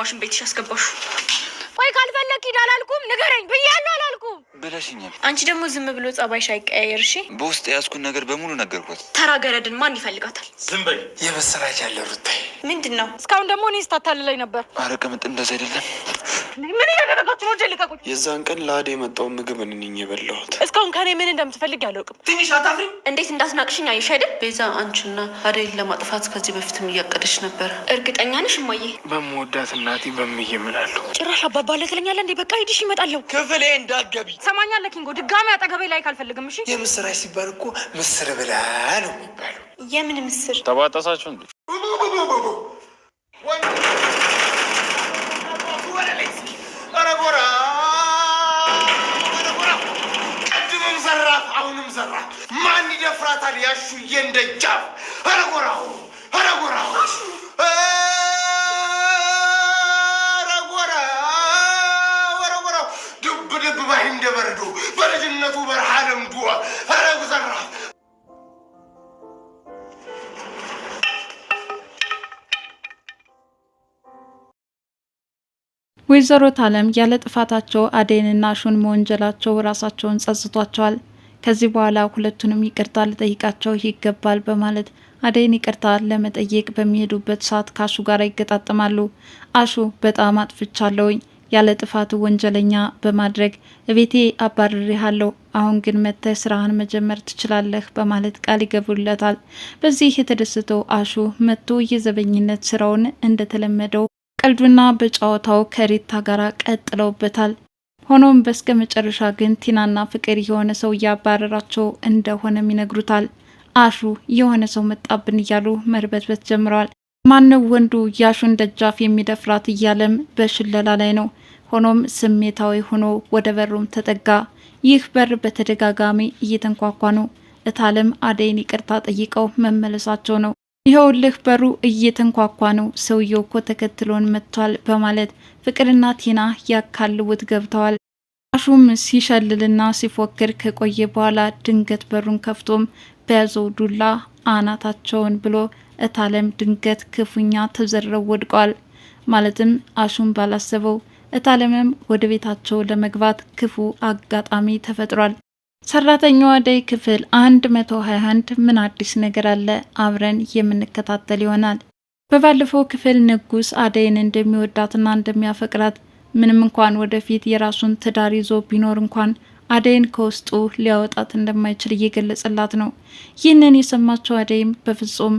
ግማሽን ቤትሽ አስገባሹ። ቆይ ካልፈለግ ሂድ አላልኩም? ንገረኝ ብያለሁ አላልኩም? ብለሽኛል። አንቺ ደግሞ ዝም ብሎ ጸባይሽ አይቀያየር። እሺ በውስጥ የያዝኩን ነገር በሙሉ ነገርኳት። ተራ ገረድን ማን ይፈልጋታል? ዝም በይ። የመሰራች ያለ ሩታይ ምንድን ነው? እስካሁን ደግሞ እኔ ስታታልለኝ ነበር። ኧረ ቅምጥ፣ እንደዚህ አይደለም። ምን እያደረጋችሁ ነው? ልቀቁኝ። የዛን ቀን ለአዴ የመጣውን ምግብ እንኝ የበላሁት። እስካሁን ከኔ ምን እንደምትፈልግ ያለውቅም። ትንሽ አታፍሪ? እንዴት እንዳስናቅሽኝ አየሽ አይደል? ቤዛ አንቺና አዴን ለማጥፋት ከዚህ በፊትም እያቀደች ነበረ። እርግጠኛ ነሽ እማዬ? በምወዳት እናቴ በምዬ እምላለሁ። ጭራሽ አባባ አባለ ትለኛለህ እንዴ? በቃ ሂድሽ፣ ይመጣለሁ። ክፍሌ እንዳትገቢ ሰማኛለህ ኪንጎ። ድጋሚ አጠገቤ ላይ ካልፈልግም። እሺ። የምስራች ሲባል እኮ ምስር ብላ ነው የሚባለው። የምን ምስር? ተባጠሳችሁ እንዴ? ቅድምም ዘራፍ፣ አሁንም ዘራፍ። ማን ይደፍራታል? ያሹዬ እንደጃፍ። ኧረ ጎራው፣ ረጎራሁ ረጎራሁ ባይ እንደ በረዶ በልጅነቱ በረሃ ለምዶ ፈረግ ዘራ ወይዘሮት አለም ያለ ጥፋታቸው አደይንና ሹን መወንጀላቸው ራሳቸውን ጸጽቷቸዋል። ከዚህ በኋላ ሁለቱንም ይቅርታ ልጠይቃቸው ይገባል በማለት አደይን ይቅርታ ለመጠየቅ በሚሄዱበት ሰዓት ከአሹ ጋር ይገጣጠማሉ። አሹ በጣም አጥፍቻለሁኝ ያለ ጥፋቱ ወንጀለኛ በማድረግ እቤቴ አባርሬሃለሁ፣ አሁን ግን መጥተህ ስራህን መጀመር ትችላለህ በማለት ቃል ይገቡለታል። በዚህ የተደሰተው አሹ መጥቶ የዘበኝነት ስራውን እንደተለመደው ቀልዱና በጨዋታው ከሪታ ጋር ቀጥለውበታል። ሆኖም በስከ መጨረሻ ግን ቲናና ፍቅር የሆነ ሰው እያባረራቸው እንደሆነም ይነግሩታል። አሹ የሆነ ሰው መጣብን እያሉ መርበትበት ጀምረዋል። ማነው ወንዱ ያሹን ደጃፍ የሚደፍራት እያለም በሽለላ ላይ ነው። ሆኖም ስሜታዊ ሆኖ ወደ በሩም ተጠጋ። ይህ በር በተደጋጋሚ እየተንኳኳ ነው። እታለም አደይን ይቅርታ ጠይቀው መመለሳቸው ነው። ይኸውልህ በሩ እየተንኳኳ ነው፣ ሰውየው እኮ ተከትሎን መጥቷል በማለት ፍቅርና ቲና ያካልቡት ገብተዋል። አሹም ሲሸልልና ሲፎክር ከቆየ በኋላ ድንገት በሩን ከፍቶም በያዘው ዱላ አናታቸውን ብሎ እታለም ድንገት ክፉኛ ተዘረው ወድቋል። ማለትም አሹም ባላሰበው እታለምም ወደ ቤታቸው ለመግባት ክፉ አጋጣሚ ተፈጥሯል። ሰራተኛዋ አደይ ክፍል 121 ምን አዲስ ነገር አለ? አብረን የምንከታተል ይሆናል። በባለፈው ክፍል ንጉስ አደይን እንደሚወዳትና እንደሚያፈቅራት ምንም እንኳን ወደፊት የራሱን ትዳር ይዞ ቢኖር እንኳን አደይን ከውስጡ ሊያወጣት እንደማይችል እየገለጸላት ነው። ይህንን የሰማቸው አደይም በፍጹም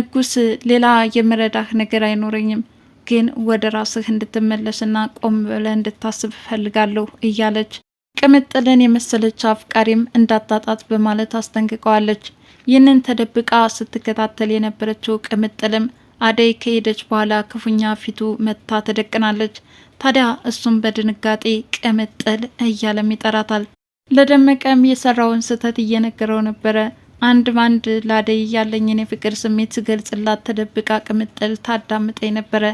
ንጉስ ሌላ የምረዳህ ነገር አይኖረኝም ግን ወደ ራስህ እንድትመለስና ቆም ብለህ እንድታስብ እፈልጋለሁ እያለች ቅምጥልን የመሰለች አፍቃሪም እንዳታጣት በማለት አስጠንቅቀዋለች። ይህንን ተደብቃ ስትከታተል የነበረችው ቅምጥልም አደይ ከሄደች በኋላ ክፉኛ ፊቱ መታ ተደቅናለች። ታዲያ እሱም በድንጋጤ ቅምጥል እያለም ይጠራታል። ለደመቀም የሰራውን ስህተት እየነገረው ነበረ። አንድ ባንድ ላደይ ያለኝን የፍቅር ስሜት ስገልጽላት ተደብቃ ቅምጥል ታዳምጠኝ ነበረ።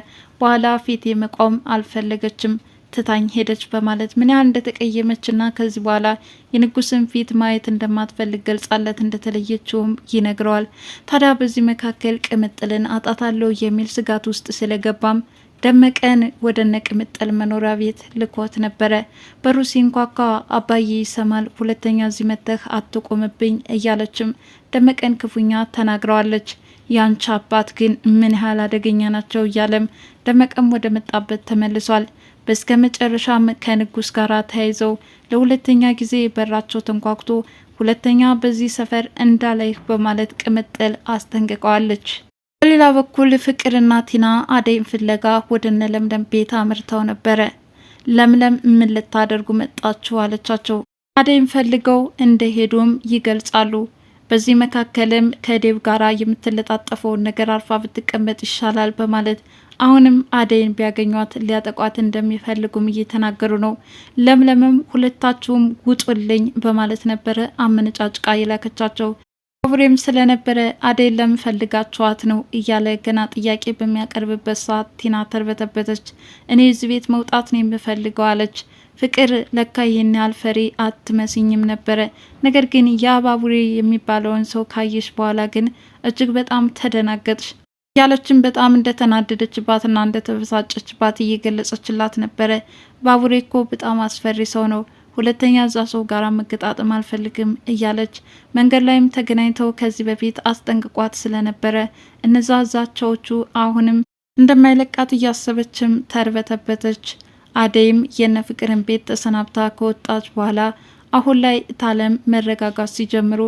በኋላ ፊት መቆም አልፈለገችም። ትታኝ ሄደች በማለት ምን ያህል እንደተቀየመችና ከዚህ በኋላ የንጉስን ፊት ማየት እንደማትፈልግ ገልጻለት እንደተለየችውም ይነግረዋል። ታዲያ በዚህ መካከል ቅምጥልን አጣታለሁ የሚል ስጋት ውስጥ ስለገባም ደመቀን ወደ ነቅምጠል መኖሪያ ቤት ልኮት ነበረ። በሩ ሲንኳኳ አባዬ ይሰማል፣ ሁለተኛ እዚህ መጥተህ አትቆምብኝ እያለችም ደመቀን ክፉኛ ተናግረዋለች። ያንቺ አባት ግን ምን ያህል አደገኛ ናቸው እያለም ደመቀም ወደ መጣበት ተመልሷል። በስከ መጨረሻም ከንጉስ ጋር ተያይዘው ለሁለተኛ ጊዜ በራቸው ተንኳኩቶ ሁለተኛ በዚህ ሰፈር እንዳላይህ በማለት ቅምጥል አስጠንቅቀዋለች። በሌላ በኩል ፍቅርና ቲና አደይን ፍለጋ ወደ እነ ለምለም ቤት አምርተው ነበረ። ለምለም ምን ልታደርጉ መጣችሁ አለቻቸው። አደይን ፈልገው ሄዱም ይገልጻሉ። በዚህ መካከልም ከዴብ ጋራ የምትለጣጠፈውን ነገር አርፋ ብትቀመጥ ይሻላል በማለት አሁንም አደይን ቢያገኟት ሊያጠቋት እንደሚፈልጉም እየተናገሩ ነው። ለምለምም ሁለታችሁም ውጡልኝ በማለት ነበረ አመነጫጭቃ የላከቻቸው። አብሬም ስለነበረ አደይ ለምፈልጋችኋት ነው እያለ ገና ጥያቄ በሚያቀርብበት ሰዓት ቲና ተርበተበተች። እኔ እዚህ ቤት መውጣት ነው የምፈልገው አለች። ፍቅር ለካ ይህን ያህል ፈሪ አትመስኝም ነበረ። ነገር ግን ያ ባቡሬ የሚባለውን ሰው ካየሽ በኋላ ግን እጅግ በጣም ተደናገጥሽ ያለችን በጣም እንደተናደደችባትና እንደተበሳጨችባት እየገለጸችላት ነበረ። ባቡሬ እኮ በጣም አስፈሪ ሰው ነው ሁለተኛ እዛ ሰው ጋር መገጣጠም አልፈልግም እያለች መንገድ ላይም ተገናኝተው ከዚህ በፊት አስጠንቅቋት ስለነበረ እነዛ ዛቻዎቹ አሁንም እንደማይለቃት እያሰበችም ተርበተበተች። አደይም የነ ፍቅርን ቤት ተሰናብታ ከወጣች በኋላ አሁን ላይ ታለም መረጋጋት ሲጀምሩ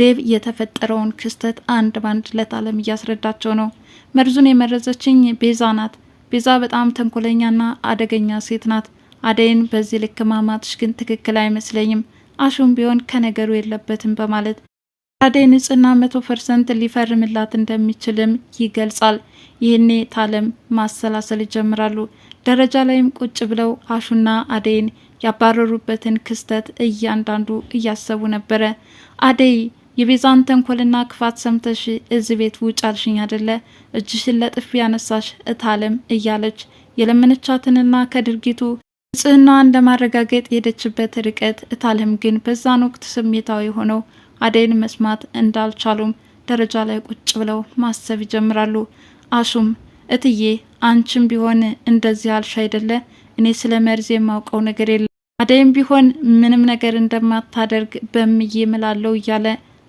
ዴቭ የተፈጠረውን ክስተት አንድ ባንድ ለታለም እያስረዳቸው ነው። መርዙን የመረዘችኝ ቤዛ ናት። ቤዛ በጣም ተንኮለኛና አደገኛ ሴት ናት። አደይን በዚህ ልክ ማማትሽ ግን ትክክል አይመስለኝም፣ አሹም ቢሆን ከነገሩ የለበትም በማለት አደይ ንጽህና መቶ ፐርሰንት ሊፈርምላት እንደሚችልም ይገልጻል። ይህኔ ታለም ማሰላሰል ይጀምራሉ። ደረጃ ላይም ቁጭ ብለው አሹና አደይን ያባረሩበትን ክስተት እያንዳንዱ እያሰቡ ነበረ። አደይ የቤዛን ተንኮልና ክፋት ሰምተሽ እዚህ ቤት ውጭ አልሽኝ አደለ? እጅሽን ለጥፊ ያነሳሽ እታለም እያለች የለመነቻትንና ከድርጊቱ ንጽህናዋን ለማረጋገጥ የሄደችበት ርቀት እታለም ግን በዛን ወቅት ስሜታዊ ሆነው አደይን መስማት እንዳልቻሉም ደረጃ ላይ ቁጭ ብለው ማሰብ ይጀምራሉ። አሹም እትዬ አንቺም ቢሆን እንደዚህ አልሽ አይደለ? እኔ ስለ መርዝ የማውቀው ነገር የለም። አደይም ቢሆን ምንም ነገር እንደማታደርግ በምዬ ምላለው እያለ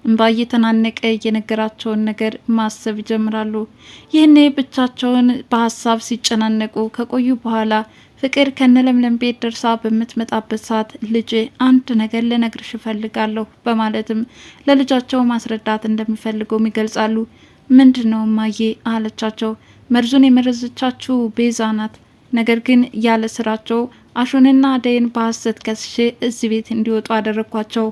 እምባ እየተናነቀ የነገራቸውን ነገር ማሰብ ይጀምራሉ። ይህኔ ብቻቸውን በሀሳብ ሲጨናነቁ ከቆዩ በኋላ ፍቅር ከነለምለም ቤት ደርሳ በምትመጣበት ሰዓት ልጄ አንድ ነገር ልነግርሽ እፈልጋለሁ በማለትም ለልጃቸው ማስረዳት እንደሚፈልገውም ይገልጻሉ። ምንድን ነው እማዬ አለቻቸው። መርዙን የመረዘቻችሁ ቤዛ ናት። ነገር ግን ያለ ስራቸው አሹንና አደይን በሀሰት ከስሼ እዚህ ቤት እንዲወጡ አደረግኳቸው።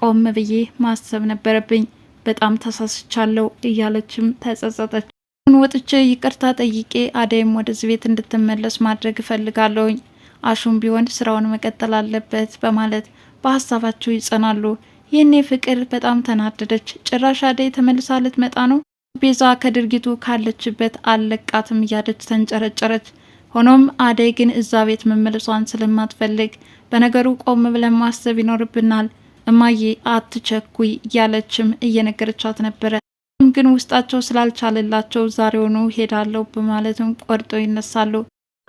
ቆም ብዬ ማሰብ ነበረብኝ። በጣም ተሳስቻለሁ እያለችም ተጸጸጠች። አሁን ወጥቼ ይቅርታ ጠይቄ አደይም ወደዚህ ቤት እንድትመለስ ማድረግ እፈልጋለሁኝ። አሹም ቢሆን ስራውን መቀጠል አለበት በማለት በሀሳባቸው ይጸናሉ። ይህኔ ፍቅር በጣም ተናደደች። ጭራሽ አደይ ተመልሳ ልትመጣ ነው፣ ቤዛ ከድርጊቱ ካለችበት አለቃትም እያለች ተንጨረጨረች። ሆኖም አደይ ግን እዛ ቤት መመለሷን ስለማትፈልግ በነገሩ ቆም ብለን ማሰብ ይኖርብናል እማዬ አትቸኩይ እያለችም እየነገረቻት ነበረ። ግን ውስጣቸው ስላልቻለላቸው ዛሬውኑ ሄዳለሁ በማለትም ቆርጦ ይነሳሉ።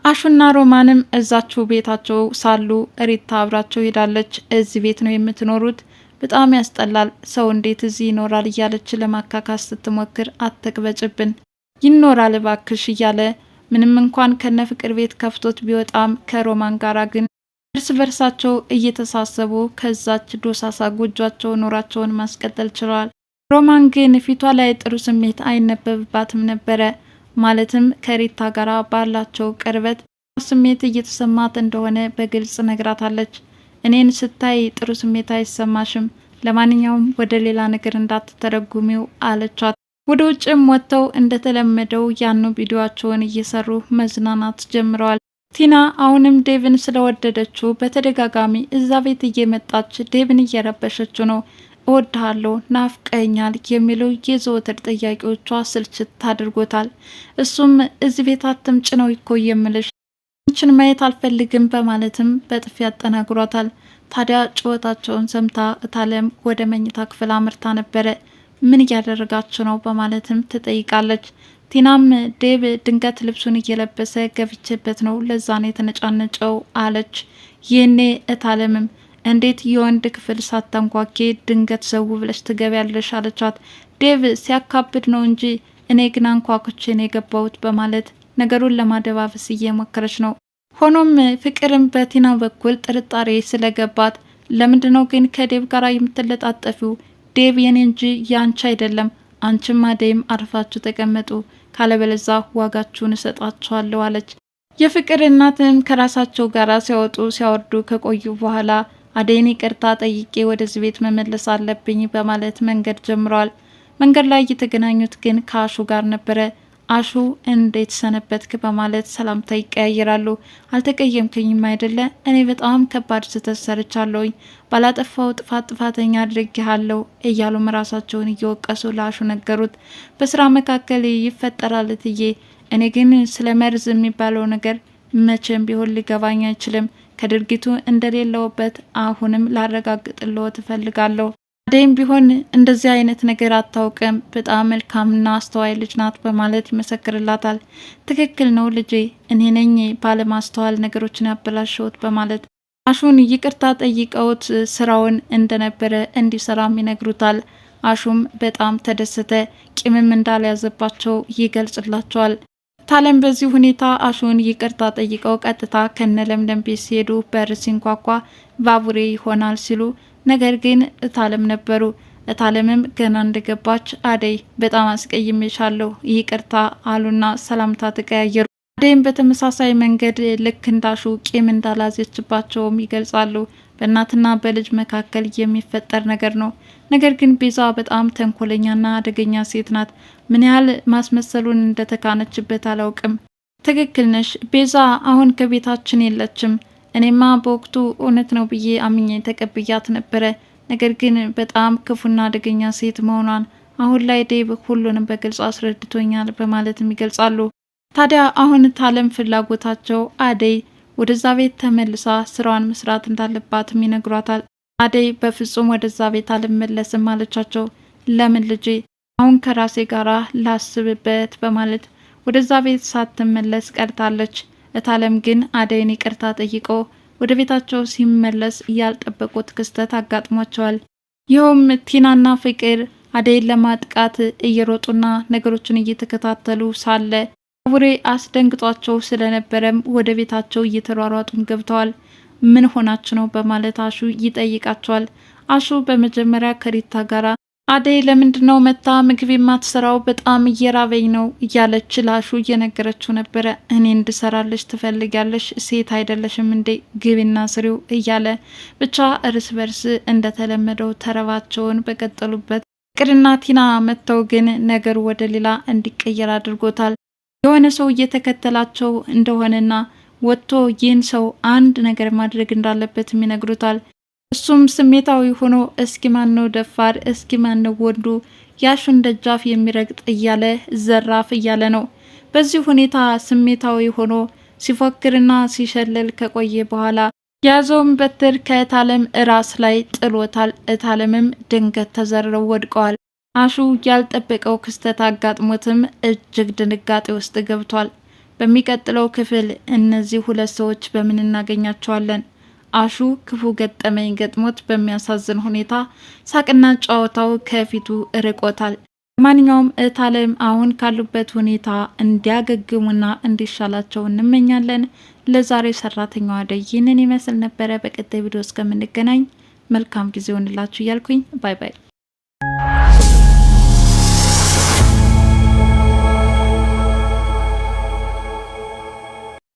አሹና ሮማንም እዛችው ቤታቸው ሳሉ ሪታ አብራቸው ሄዳለች። እዚህ ቤት ነው የምትኖሩት፣ በጣም ያስጠላል፣ ሰው እንዴት እዚህ ይኖራል እያለች ለማካካስ ስትሞክር አተቅበጭብን! ይኖራል እባክሽ እያለ ምንም እንኳን ከነ ፍቅር ቤት ከፍቶት ቢወጣም ከሮማን ጋራ ግን እርስ በርሳቸው እየተሳሰቡ ከዛች ዶሳሳ ጎጇቸው ኑሯቸውን ማስቀጠል ችለዋል። ሮማን ግን ፊቷ ላይ ጥሩ ስሜት አይነበብባትም ነበረ። ማለትም ከሪታ ጋር ባላቸው ቅርበት ስሜት እየተሰማት እንደሆነ በግልጽ ነግራታለች። እኔን ስታይ ጥሩ ስሜት አይሰማሽም፣ ለማንኛውም ወደ ሌላ ነገር እንዳትተረጉሚው አለቻት። ወደ ውጭም ወጥተው እንደተለመደው ያኑ ቪዲዮቸውን እየሰሩ መዝናናት ጀምረዋል። ቲና አሁንም ዴቭን ስለወደደችው በተደጋጋሚ እዛ ቤት እየመጣች ዴቭን እየረበሸችው ነው። እወድሃለሁ፣ ናፍቀኛል የሚለው የዘወትር ጥያቄዎቿ ስልችት አድርጎታል። እሱም እዚህ ቤት አትምጭ ነው እኮ የምልሽ፣ አንቺን ማየት አልፈልግም በማለትም በጥፊ ያጠናግሯታል። ታዲያ ጩኸታቸውን ሰምታ እታለም ወደ መኝታ ክፍል አምርታ ነበረ። ምን እያደረጋችሁ ነው በማለትም ትጠይቃለች። ቲናም ዴብ ድንገት ልብሱን እየለበሰ ገብቼበት ነው፣ ለዛ ነው የተነጫነጨው አለች። ይህኔ እታለምም እንዴት የወንድ ክፍል ሳታንኳኬ ድንገት ዘው ብለሽ ትገቢያለሽ? አለቻት። ዴቭ ሲያካብድ ነው እንጂ እኔ ግን አንኳኩቼ ነው የገባሁት በማለት ነገሩን ለማደባበስ እየሞከረች ነው። ሆኖም ፍቅርም በቲና በኩል ጥርጣሬ ስለገባት ለምንድነው ነው ግን ከዴቭ ጋር የምትለጣጠፊው? ዴቭ የኔ እንጂ ያንቺ አይደለም። አንቺም አደይም አርፋችሁ ተቀመጡ፣ ካለበለዛ ዋጋችሁን እሰጣችኋለሁ አለች። የፍቅር እናትም ከራሳቸው ጋር ሲያወጡ ሲያወርዱ ከቆዩ በኋላ አደይን ይቅርታ ጠይቄ ወደዚህ ቤት መመለስ አለብኝ በማለት መንገድ ጀምሯል። መንገድ ላይ የተገናኙት ግን ከአሹ ጋር ነበረ። አሹ እንዴት ሰነበትክ በማለት ሰላምታ ይቀያየራሉ። አልተቀየምክኝም አይደለ? እኔ በጣም ከባድ ስህተት ሰርቻለሁኝ ባላጠፋው ጥፋት ጥፋተኛ አድርጌሃለሁ እያሉም ራሳቸውን እየወቀሱ ለአሹ ነገሩት። በስራ መካከል ይፈጠራል እትዬ፣ እኔ ግን ስለ መርዝ የሚባለው ነገር መቼም ቢሆን ሊገባኝ አይችልም ከድርጊቱ እንደሌለውበት አሁንም ላረጋግጥልዎ ትፈልጋለሁ። አደይም ቢሆን እንደዚህ አይነት ነገር አታውቅም፣ በጣም መልካምና አስተዋይ ልጅ ናት በማለት ይመሰክርላታል። ትክክል ነው ልጄ፣ እኔ ነኝ ባለማስተዋል ነገሮችን ያበላሸሁት በማለት አሹን ይቅርታ ጠይቀውት ስራውን እንደነበረ እንዲሰራም ይነግሩታል። አሹም በጣም ተደሰተ። ቂምም እንዳልያዘባቸው ይገልጽላቸዋል። ታለም በዚህ ሁኔታ አሹን ይቅርታ ጠይቀው ቀጥታ ከነ ለምለም ቤት ሲሄዱ በር ሲንኳኳ ባቡሬ ይሆናል ሲሉ ነገር ግን እታለም ነበሩ። እታለምም ገና እንደገባች አደይ በጣም አስቀይሜሻለሁ ይቅርታ አሉና ሰላምታ ተቀያየሩ። ፍሬም በተመሳሳይ መንገድ ልክ እንዳሹ ቂም እንዳላዘችባቸውም ይገልጻሉ። በእናትና በልጅ መካከል የሚፈጠር ነገር ነው። ነገር ግን ቤዛ በጣም ተንኮለኛና አደገኛ ሴት ናት። ምን ያህል ማስመሰሉን እንደተካነችበት አላውቅም። ትክክል ነሽ ቤዛ አሁን ከቤታችን የለችም። እኔማ በወቅቱ እውነት ነው ብዬ አምኜ ተቀብያት ነበረ። ነገር ግን በጣም ክፉና አደገኛ ሴት መሆኗን አሁን ላይ ዴብ ሁሉንም በግልጽ አስረድቶኛል በማለትም ይገልጻሉ። ታዲያ አሁን ታለም ፍላጎታቸው አደይ ወደዛ ቤት ተመልሳ ስራዋን መስራት እንዳለባትም ይነግሯታል። አደይ በፍጹም ወደዛ ቤት አልመለስም አለቻቸው። ለምን ልጄ አሁን ከራሴ ጋራ ላስብበት በማለት ወደዛ ቤት ሳትመለስ ቀርታለች። እታለም ግን አደይን ይቅርታ ጠይቆ ወደ ቤታቸው ሲመለስ ያልጠበቁት ክስተት አጋጥሟቸዋል። ይኸውም ቲናና ፍቅር አደይን ለማጥቃት እየሮጡና ነገሮችን እየተከታተሉ ሳለ ባቡሬ አስደንግጧቸው ስለነበረም ወደ ቤታቸው እየተሯሯጡም ገብተዋል። ምን ሆናችሁ ነው በማለት አሹ ይጠይቃቸዋል። አሹ በመጀመሪያ ከሪታ ጋራ አደይ ለምንድን ነው መታ ምግብ የማትሰራው? በጣም እየራበኝ ነው እያለች ላሹ እየነገረችው ነበረ። እኔ እንድሰራለች ትፈልጋለች? ሴት አይደለሽም እንዴ? ግቢና ስሪው እያለ ብቻ እርስ በርስ እንደተለመደው ተረባቸውን በቀጠሉበት ፍቅርና ቲና መጥተው ግን ነገሩ ወደ ሌላ እንዲቀየር አድርጎታል። የሆነ ሰው እየተከተላቸው እንደሆነና ወጥቶ ይህን ሰው አንድ ነገር ማድረግ እንዳለበትም ይነግሩታል። እሱም ስሜታዊ ሆኖ እስኪ ማን ነው ደፋር፣ እስኪ ማን ነው ወንዱ ያሹን ደጃፍ የሚረግጥ እያለ ዘራፍ እያለ ነው። በዚህ ሁኔታ ስሜታዊ ሆኖ ሲፎክርና ሲሸለል ከቆየ በኋላ የያዘውን በትር ከእታለም ራስ ላይ ጥሎታል። እታለምም ድንገት ተዘርረው ወድቀዋል። አሹ ያልጠበቀው ክስተት አጋጥሞትም እጅግ ድንጋጤ ውስጥ ገብቷል። በሚቀጥለው ክፍል እነዚህ ሁለት ሰዎች በምን እናገኛቸዋለን? አሹ ክፉ ገጠመኝ ገጥሞት በሚያሳዝን ሁኔታ ሳቅና ጨዋታው ከፊቱ ርቆታል። ማንኛውም እታለም አሁን ካሉበት ሁኔታ እንዲያገግሙና እንዲሻላቸው እንመኛለን። ለዛሬ ሰራተኛዋ አደይ ይህንን ይመስል ነበረ። በቀጣይ ቪዲዮ እስከምንገናኝ መልካም ጊዜ ሆንላችሁ እያልኩኝ ባይ ባይ።